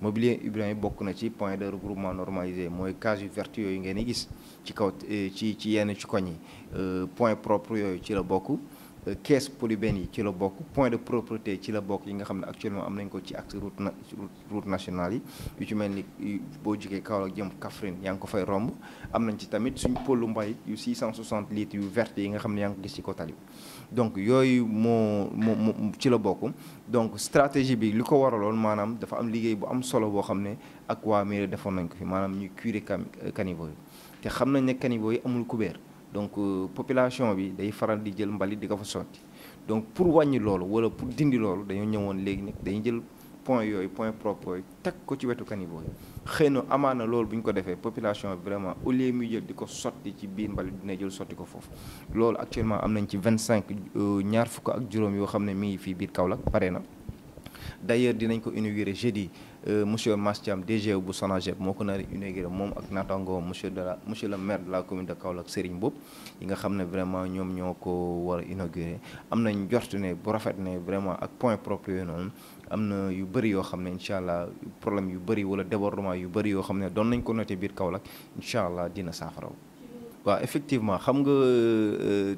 mobilier urbain yi bokk na ci point de regroupement normalisé mooy cases yu vertes yooyu ngeen di gis ci kaw eh, ci ci yenn ci koñ yi euh, point propre yooyu ci la bokk Euh, caisse polybène yi ci la bokk point de propreté ci la bok yi nga xamné actuellement am nañ ko ci acte route route nationale yi yu ci melni bo boo jógee Kaolack jëm kafrine yang ko fay romb am nañ ci tamit suñ pôlu mbay yu 660 litres yu verte yi nga xamné yang ko gis ci ko tali donc yoy mo ci la bokk donc stratégie bi liko waralon manam dafa am liggéey bu am solo bo xamné ak wa mairie defoon nañ ko fi manam ñu curer caniveau té te xam nañ ne caniveau yi amul couvert donc euh, population bi day faral di jël mbali di ko fa soti donc pour wàññi lolu wala pour dindi lolu dañu ñëwoon léegi nag dañu jël point yoy point propre yooyu teg ko ci wetu caniveau xeyno amana lolu buñ ko defee population vraiment au lieu muy jël di ko ci biir mbali dina jël soti ko fofu lolu actuellement am nañ ci vingt cinq euh, ñaar fukk ak juroom yo xamné mi fi biir Kaolack pare na d'ailleurs dinañ ko inaugurer jeudi Euh, monsieur Mass Thiam DG bu SONAGED moo ko nar a inauguré moom ak naataango monsieur mosieur la monsieur le maire de la commune de Kaolack Serigne Mboup yi nga xam ne vraiment ñoom ñoo ko war a inauguré am nañ jortu ne bu rafet ne vraiment ak point propre yooyu noonu am na yu bëri yoo xam ne incha allah problème yu bëri wala débordement yu bëri yoo xam ne doon nañ ko noté biir Kaolack incha allah dina saafaraw waaw effectivement xam nga euh,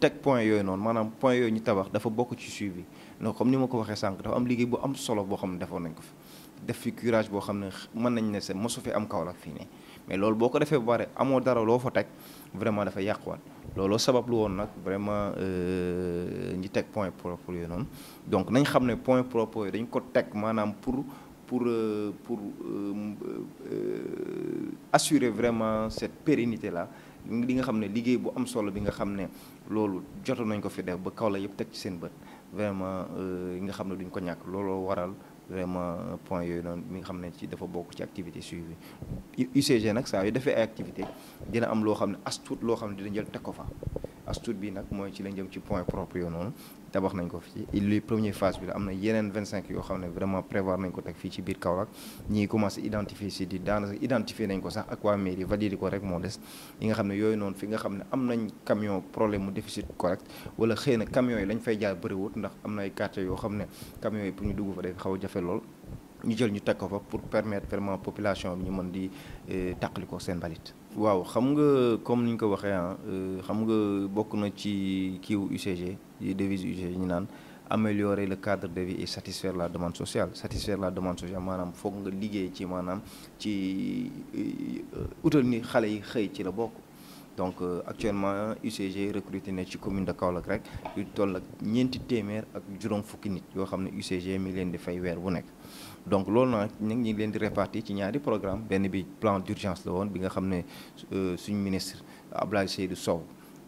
teg point yooyu noonu maanaam point yooyu ñu tabax dafa bokk ci suivi donc comme ni ma ko waxee sànq dafa am liggéey bu am solo boo xam ne defoon nañ ko fi de fi curage boo xam ne mën nañ ne sa mosu fi am Kaolack fi ne mais loolu boko ko defee ba pare amoo dara lo fa tek vraiment dafa yàquwaat looloo sabab lu won nak vraiment euh ñi tek point propre yooyu non donc nañ xam point propre yooyu dañ ko tek manam pour pour pour euh, euh, assurer vraiment cette pérennité là li nga xam liguey bu am solo bi nga xam ne loolu nañ ko fi def ba Kaolack yëpp tek ci seen bëtt vraiment euh, nga xam duñ ko ñak looloo waral vraiment point yooyu non mi xamné ci dafa bok ci activité suivi UCG nak saa yu defee ay activité dina am lo xamné astout lo xamné dina jël teg ko fa as tuut bi nag mooy ci la jëm ci point propre yo noonu tabax nañ ko Il lui première phase bi amna yenen 25 yo xam vraiment prévoir nañ ko tek fi ci biir Kaolack ñi commencé identifier ci di identifier nañ ko sax ak waa mairie valider ko rek mo des yi nga xam yoy non fi nga xam am nañ camion problème de déficit correct wala xëy na camion, yi lañ fay jaar wut ndax amna ay quartier yo xam camion yi pour ñu dugg fa day xaw jafé jafe lool ñu jël ñu tek ko fa pour permettre vraiment population bi ñu mën di eh, tàqali ko seen balite waaw xam nga comme ni ñu ko waxee ah euh, xam nga bokk na ci kiiw UCG devise UCG ñu améliorer le cadre de vie et satisfaire la demande sociale satisfaire la demande sociale maanaam foog nga liggéey ci qui ci euh, utal ni xale yi xëy ci la donc euh, actuellement UCG recruté na ci commune de Kaolack rek yu toll ak ñeenti téeméer ak juroom fukki nit yo xamné UCG mi ngi leen di fay weer bu nek donc lool na ñu ngi leen di réparti ci ñaari programme benn bi plan d'urgence la won bi nga xamné euh, suñu ministre Abdoulaye Seydou Sow.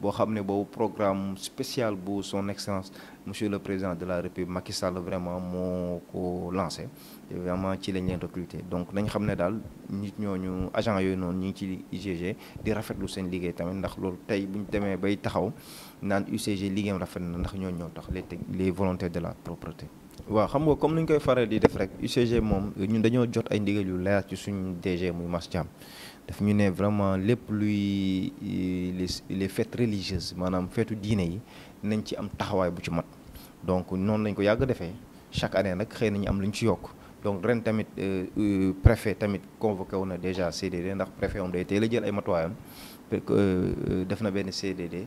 boo xam ne programme spécial bu son excellence monsieur le président de la république Macky Sall vraiment moo ko lancé vraiment ci lañ leen recruter donc nañ xamné dal nit ñooñu agent yoy non ñi ci UCG di rafetlu seen liguey tamit ndax lool tay buñu démé bay taxaw nan UCG liguey rafet ndax ñooñu tax les volontaires de la propreté waaw xam nga comme ni ñu koy faral di def rek UCG moom ñun dañoo jot ay ndigal yu leer ci suñu DG muy Mass Thiam daf ñu ne vraiment lépp luy les les fêtes religieuses maanaam feetu diine yi nañ ci am taxawaay bu ci mat donc noonu lañ ko yàgg defee chaque année nag xëy nañu am lu ci yokk donc ren tamit euh, euh, préfet tamit convoqué wu na déjà CDD ndax préfet moom day teel a jël ay matuwaayam euh, def na benn CDD.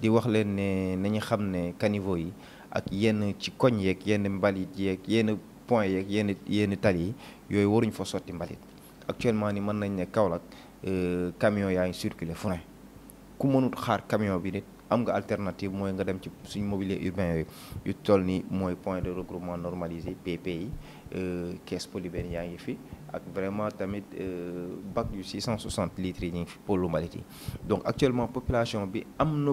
di wax leen ne nañu xam ne caniveau yi ak yenn ci koñ yeeg yenn mbalit yeeg yenn point yeeg yenn yenn tal yi yooyu waruñ fa sotti mbalit actuellement ni mën nañ ne Kaolack euh, camion yaa ngi circulé fu ne ku mënut xaar camion bi nit am nga alternative mooy nga dem ci suñ mobilier urbain yooyu yu toll ni mooy point de regroupement normalisé PPI euh, caisse polybène yaa ngi fi ak vraiment tamit euh, bac yu 660 litres yi ñu fi pour lu mbalit yi donc actuellement population bi am na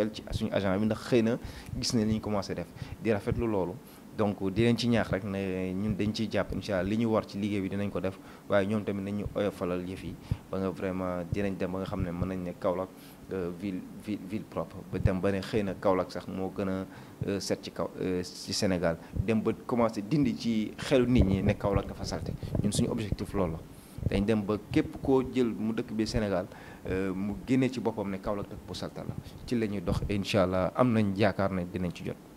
cofeel ci suñu agent bi ndax xëy na gis na li ñu commencé def di rafetlu loolu donc di leen ci ñaax rek ne ñun dañ ciy jàpp incha li ñu war ci liggéey bi dinañ ko def waaye ñoom tamit nañu oyofalal yëf yi ba nga vraiment dinañ dem ba nga xam ne mën nañ ne Kaolack euh, ville ville ville propre ba dem ba ne xëy na Kaolack sax moo gën a euh, set ci kaw euh, ci Sénégal dem ba commencé dindi ci xelu nit ñi ne Kaolack dafa salte ñun suñu objectif loolu dañ dem ba képp koo jël mu dëkk bi Sénégal euh, mu génne ci boppam ne Kaolack dëkk bu saltal la ci la ñuy dox incha allah am nañ yaakaar ne dinañ ci jot.